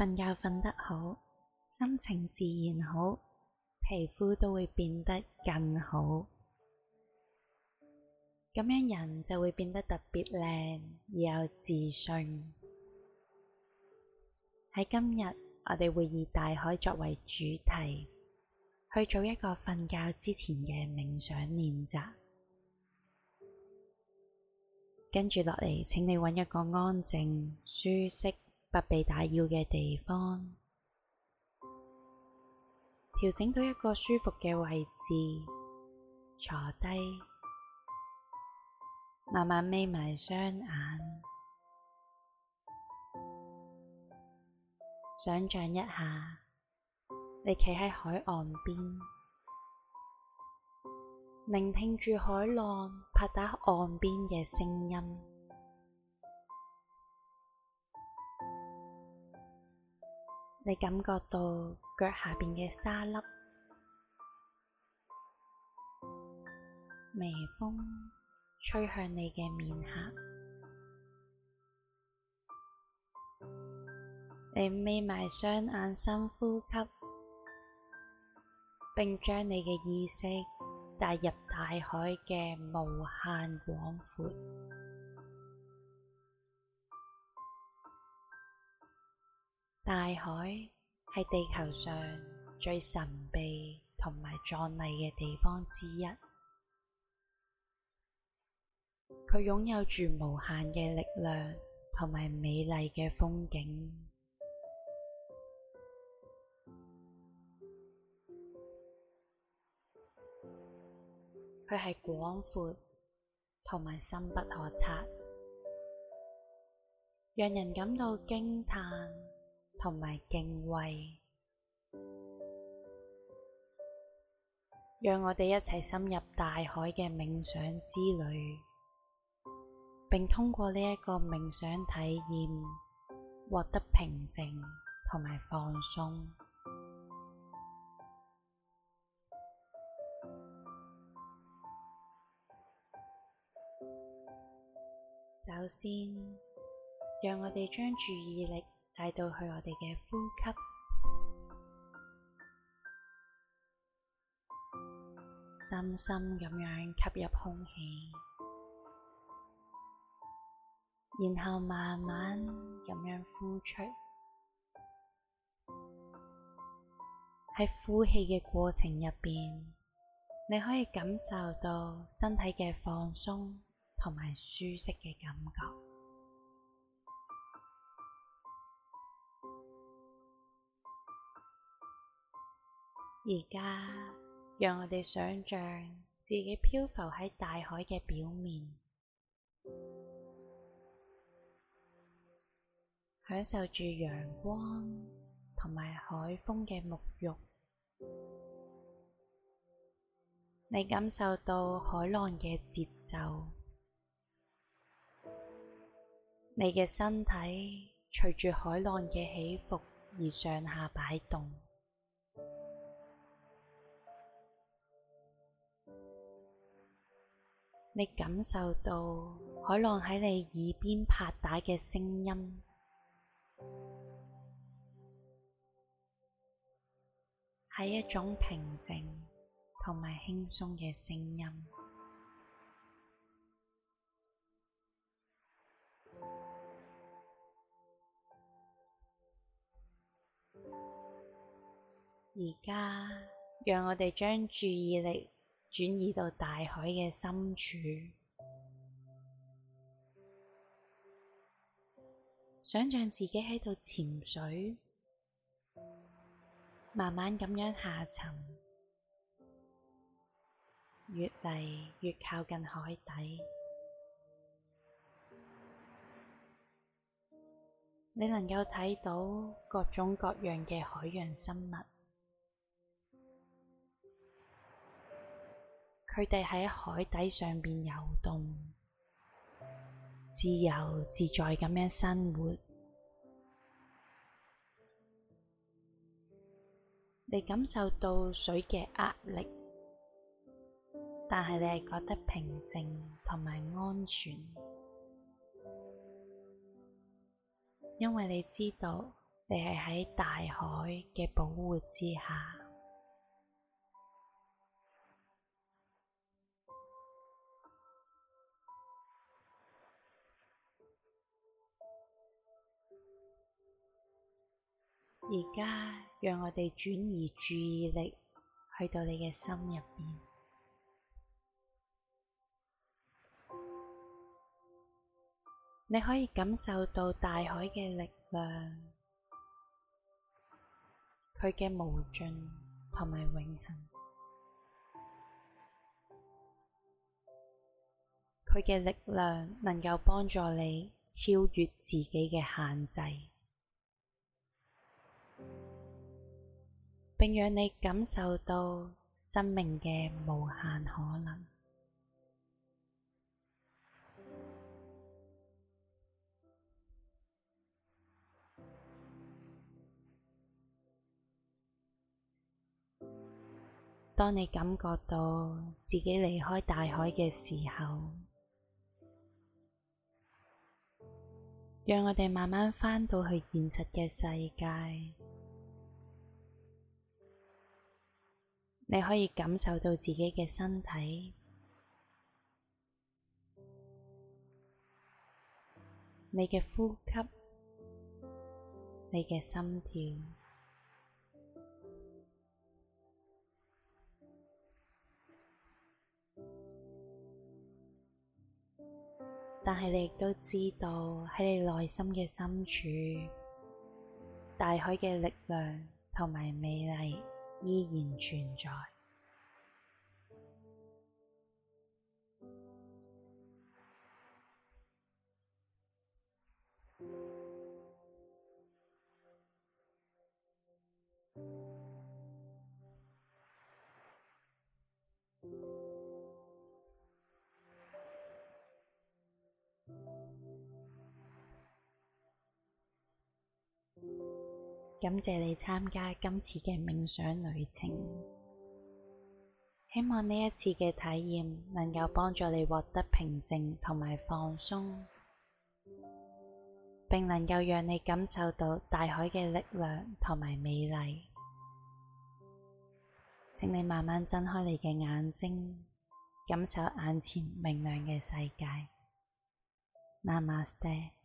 瞓覺瞓得好，心情自然好，皮膚都會變得更好，咁樣人就會變得特別靚，而又自信。喺今日，我哋會以大海作為主題，去做一個瞓覺之前嘅冥想練習。跟住落嚟，請你揾一個安靜、舒適，不被打擾嘅地方，調整到一個舒服嘅位置，坐低，慢慢眯埋雙眼，想象一下你企喺海岸邊，聆聽住海浪拍打岸邊嘅聲音。你感覺到腳下邊嘅沙粒，微風吹向你嘅面頰，你眯埋雙眼深呼吸，並將你嘅意識帶入大海嘅無限廣闊。大海係地球上最神秘同埋壯麗嘅地方之一，佢擁有住無限嘅力量同埋美麗嘅風景。佢係廣闊同埋深不可測，讓人感到驚嘆。同埋敬畏，讓我哋一齊深入大海嘅冥想之旅，並通過呢一個冥想體驗，獲得平靜同埋放鬆。首先，讓我哋將注意力。帶到去我哋嘅呼吸，深深咁樣吸入空氣，然後慢慢咁樣呼出。喺呼氣嘅過程入邊，你可以感受到身體嘅放鬆同埋舒適嘅感覺。而家，讓我哋想象自己漂浮喺大海嘅表面，享受住陽光同埋海風嘅沐浴。你感受到海浪嘅節奏，你嘅身體隨住海浪嘅起伏而上下擺動。你感受到海浪喺你耳邊拍打嘅聲音，係一種平靜同埋輕鬆嘅聲音。而家，讓我哋將注意力，轉移到大海嘅深處，想象自己喺度潛水，慢慢咁樣下沉，越嚟越靠近海底。你能夠睇到各種各樣嘅海洋生物。佢哋喺海底上面游動，自由自在咁樣生活。你感受到水嘅壓力，但係你係覺得平靜同埋安全，因為你知道你係喺大海嘅保護之下。而家讓我哋轉移注意力去到你嘅心入邊，你可以感受到大海嘅力量，佢嘅無盡同埋永恆，佢嘅力量能夠幫助你超越自己嘅限制。並讓你感受到生命嘅無限可能。當你感覺到自己離開大海嘅時候，讓我哋慢慢返到去現實嘅世界。你可以感受到自己嘅身體，你嘅呼吸，你嘅心跳。但係你亦都知道喺你內心嘅深處，大海嘅力量同埋美麗。依然存在。感謝你參加今次嘅冥想旅程，希望呢一次嘅體驗能夠幫助你獲得平靜同埋放鬆，並能夠讓你感受到大海嘅力量同埋美麗。請你慢慢睜開你嘅眼睛，感受眼前明亮嘅世界。Namaste。